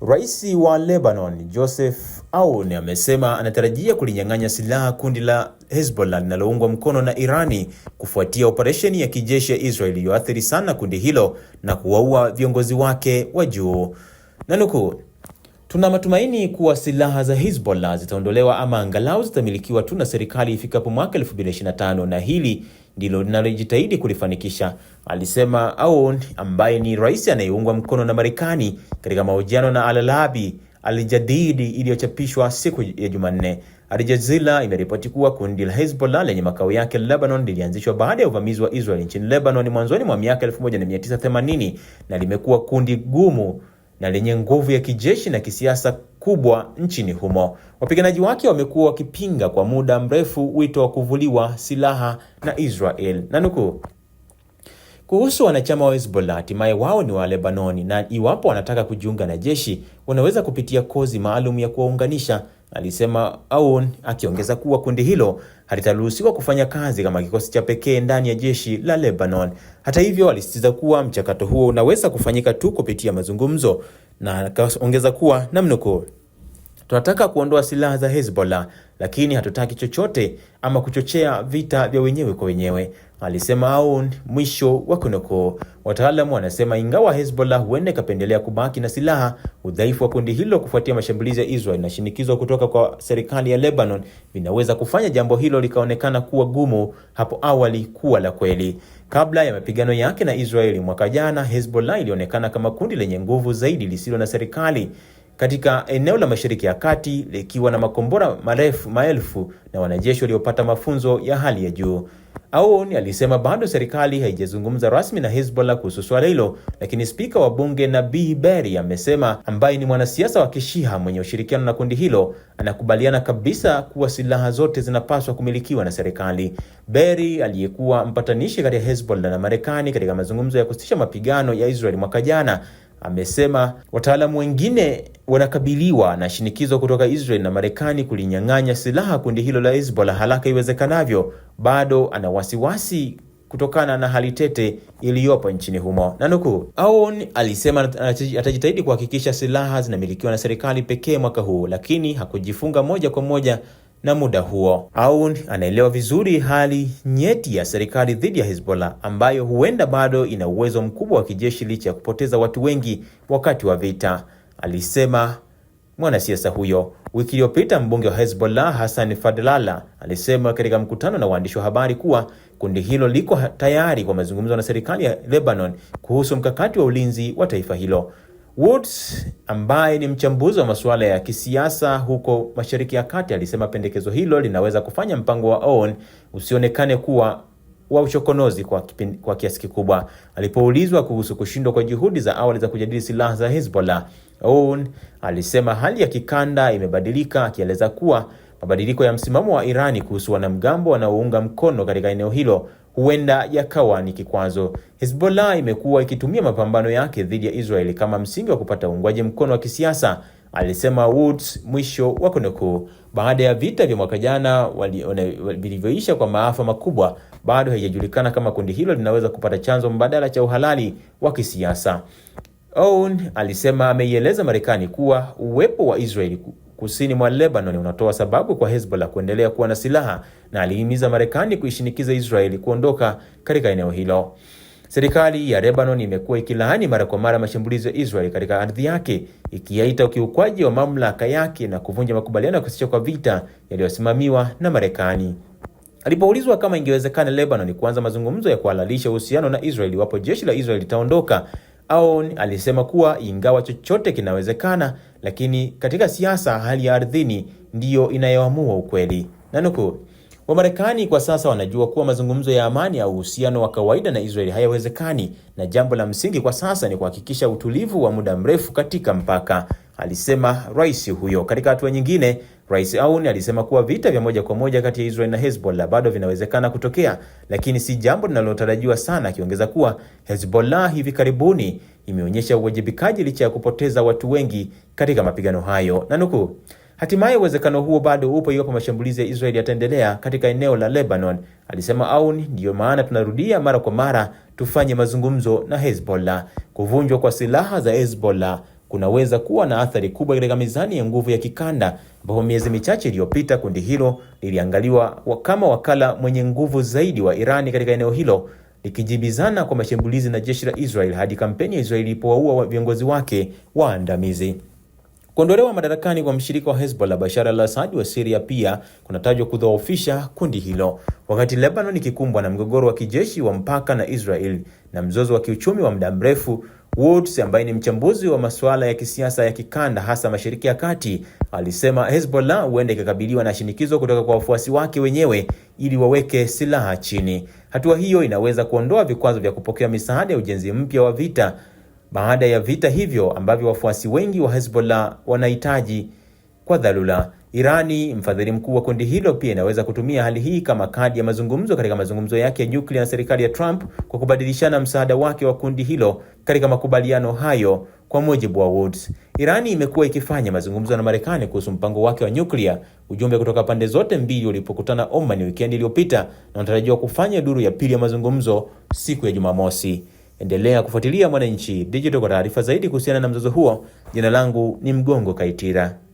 Rais wa Lebanon Joseph Aoun amesema anatarajia kulinyang'anya silaha kundi la Hezbollah linaloungwa mkono na Irani kufuatia operesheni ya kijeshi ya Israel iliyoathiri sana kundi hilo na kuwaua viongozi wake wa juu. Nanukuu, Tuna matumaini kuwa silaha za Hezbollah zitaondolewa ama angalau zitamilikiwa tu na serikali ifikapo mwaka 2025 na hili ndilo linalojitahidi kulifanikisha, alisema Aoun ambaye ni rais anayeungwa mkono na Marekani katika mahojiano na Alalabi Aljadidi iliyochapishwa siku ya Jumanne. aljazila imeripoti kuwa kundi la Hezbollah lenye makao yake Lebanon lilianzishwa baada ya uvamizi wa Israel nchini Lebanon mwanzoni mwa miaka 1980 na limekuwa kundi gumu na lenye nguvu ya kijeshi na kisiasa kubwa nchini humo. Wapiganaji wake wamekuwa wakipinga kwa muda mrefu wito wa kuvuliwa silaha na Israel. Na nukuu, kuhusu wanachama wa Hezbollah, hatimaye wao ni wa Lebanoni na iwapo wanataka kujiunga na jeshi, wanaweza kupitia kozi maalum ya kuwaunganisha alisema Aoun, akiongeza kuwa kundi hilo halitaruhusiwa kufanya kazi kama kikosi cha pekee ndani ya jeshi la Lebanon. Hata hivyo, alisisitiza kuwa mchakato huo unaweza kufanyika tu kupitia mazungumzo, na akaongeza kuwa namnukuu tunataka kuondoa silaha za Hezbollah, lakini hatutaki chochote ama kuchochea vita vya wenyewe kwa wenyewe, alisema Aoun. Mwisho wa kunukuu. Wataalamu wanasema ingawa Hezbollah huenda ikapendelea kubaki na silaha, udhaifu wa kundi hilo kufuatia mashambulizi ya Israel na shinikizo kutoka kwa serikali ya Lebanon vinaweza kufanya jambo hilo likaonekana kuwa gumu hapo awali kuwa la kweli. Kabla ya mapigano yake na Israeli mwaka jana, Hezbollah ilionekana kama kundi lenye nguvu zaidi lisilo na serikali katika eneo la Mashariki ya Kati likiwa na makombora marefu maelfu na wanajeshi waliopata mafunzo ya hali ya juu. Aoun alisema bado serikali haijazungumza rasmi na Hezbollah kuhusu swala hilo, lakini spika wa bunge Nabii Berri amesema, ambaye ni mwanasiasa wa Kishiha mwenye ushirikiano na kundi hilo, anakubaliana kabisa kuwa silaha zote zinapaswa kumilikiwa na serikali. Berri aliyekuwa mpatanishi kati ya Hezbollah na Marekani katika mazungumzo ya kusitisha mapigano ya Israel mwaka jana amesema wataalamu wengine wanakabiliwa na shinikizo kutoka Israel na Marekani kulinyang'anya silaha kundi hilo la Hezbollah haraka iwezekanavyo. Bado ana wasiwasi kutokana na hali tete iliyopo nchini humo. Nanukuu, Aoun alisema atajitahidi kuhakikisha silaha zinamilikiwa na serikali pekee mwaka huu, lakini hakujifunga moja kwa moja na muda huo. Aoun anaelewa vizuri hali nyeti ya serikali dhidi ya Hezbollah ambayo huenda bado ina uwezo mkubwa wa kijeshi licha ya kupoteza watu wengi wakati wa vita, alisema mwanasiasa huyo. Wiki iliyopita mbunge wa Hezbollah Hassan fadlala alisema katika mkutano na waandishi wa habari kuwa kundi hilo liko tayari kwa mazungumzo na serikali ya Lebanon kuhusu mkakati wa ulinzi wa taifa hilo. Woods ambaye ni mchambuzi wa masuala ya kisiasa huko Mashariki ya Kati alisema pendekezo hilo linaweza kufanya mpango wa Owen usionekane kuwa wa uchokonozi kwa, kwa kiasi kikubwa. Alipoulizwa kuhusu kushindwa kwa juhudi za awali za kujadili silaha za Hezbollah, Owen alisema hali ya kikanda imebadilika, akieleza kuwa mabadiliko ya msimamo wa Irani kuhusu wanamgambo wanaounga mkono katika eneo hilo huenda yakawa ni kikwazo. Hezbollah imekuwa ikitumia mapambano yake dhidi ya Israeli kama msingi wa kupata uungwaji mkono wa kisiasa, alisema Woods, mwisho wa kunukuu. Baada ya vita vya mwaka jana vilivyoisha kwa maafa makubwa, bado haijajulikana kama kundi hilo linaweza kupata chanzo mbadala cha uhalali wa kisiasa. Own alisema ameieleza Marekani kuwa uwepo wa Israeli kusini mwa Lebanon unatoa sababu kwa Hezbollah kuendelea kuwa na silaha na alihimiza Marekani kuishinikiza Israeli kuondoka katika eneo hilo. Serikali ya Lebanon imekuwa ikilaani mara kwa mara mashambulizi ya Israeli katika ardhi yake, ikiyaita ukiukwaji wa mamlaka yake na kuvunja makubaliano ya kusitisha kwa vita yaliyosimamiwa na Marekani. Alipoulizwa kama ingewezekana Lebanon kuanza mazungumzo ya kuhalalisha uhusiano na Israeli iwapo jeshi la Israeli litaondoka, Aoun alisema kuwa ingawa chochote kinawezekana, lakini katika siasa hali ya ardhini ndiyo inayoamua ukweli. nanuku Wamarekani kwa sasa wanajua kuwa mazungumzo ya amani au uhusiano wa kawaida na Israeli hayawezekani, na jambo la msingi kwa sasa ni kuhakikisha utulivu wa muda mrefu katika mpaka alisema rais huyo. Katika hatua nyingine, Rais Aoun alisema kuwa vita vya moja kwa moja kati ya Israel na Hezbollah bado vinawezekana kutokea, lakini si jambo linalotarajiwa sana, akiongeza kuwa Hezbollah hivi karibuni imeonyesha uwajibikaji licha ya kupoteza watu wengi katika mapigano hayo, na nukuu, hatimaye uwezekano huo bado upo iwapo mashambulizi ya Israel yataendelea katika eneo la Lebanon, alisema Aoun. Ndiyo maana tunarudia mara kwa mara, tufanye mazungumzo na Hezbollah. Kuvunjwa kwa silaha za Hezbollah kunaweza kuwa na athari kubwa katika mizani ya nguvu ya kikanda, ambapo miezi michache iliyopita kundi hilo liliangaliwa kama wakala mwenye nguvu zaidi wa Irani katika eneo hilo, likijibizana kwa mashambulizi na jeshi la Israel hadi kampeni ya Israeli ilipowaua viongozi wake waandamizi. Kuondolewa madarakani kwa mshirika wa Hezbollah Bashar al-Assad wa Syria pia kunatajwa kudhoofisha kundi hilo. Wakati Lebanon ikikumbwa na mgogoro wa kijeshi wa mpaka na Israel na mzozo wa kiuchumi wa muda mrefu, Woods ambaye ni mchambuzi wa masuala ya kisiasa ya kikanda hasa Mashariki ya Kati alisema Hezbollah huenda ikakabiliwa na shinikizo kutoka kwa wafuasi wake wenyewe ili waweke silaha chini. Hatua hiyo inaweza kuondoa vikwazo vya kupokea misaada ya ujenzi mpya wa vita baada ya vita hivyo ambavyo wafuasi wengi wa Hezbollah wanahitaji kwa dharura. Irani, mfadhili mkuu wa kundi hilo, pia inaweza kutumia hali hii kama kadi ya mazungumzo katika mazungumzo yake ya nyuklia na serikali ya Trump kwa kubadilishana msaada wake wa kundi hilo katika makubaliano hayo. Kwa mujibu wa Woods, Irani imekuwa ikifanya mazungumzo na Marekani kuhusu mpango wake wa nyuklia, ujumbe kutoka pande zote mbili ulipokutana Oman wikendi iliyopita, na unatarajiwa kufanya duru ya pili ya mazungumzo siku ya Jumamosi. Endelea kufuatilia Mwananchi Digital kwa taarifa zaidi kuhusiana na mzozo huo. Jina langu ni Mgongo Kaitira.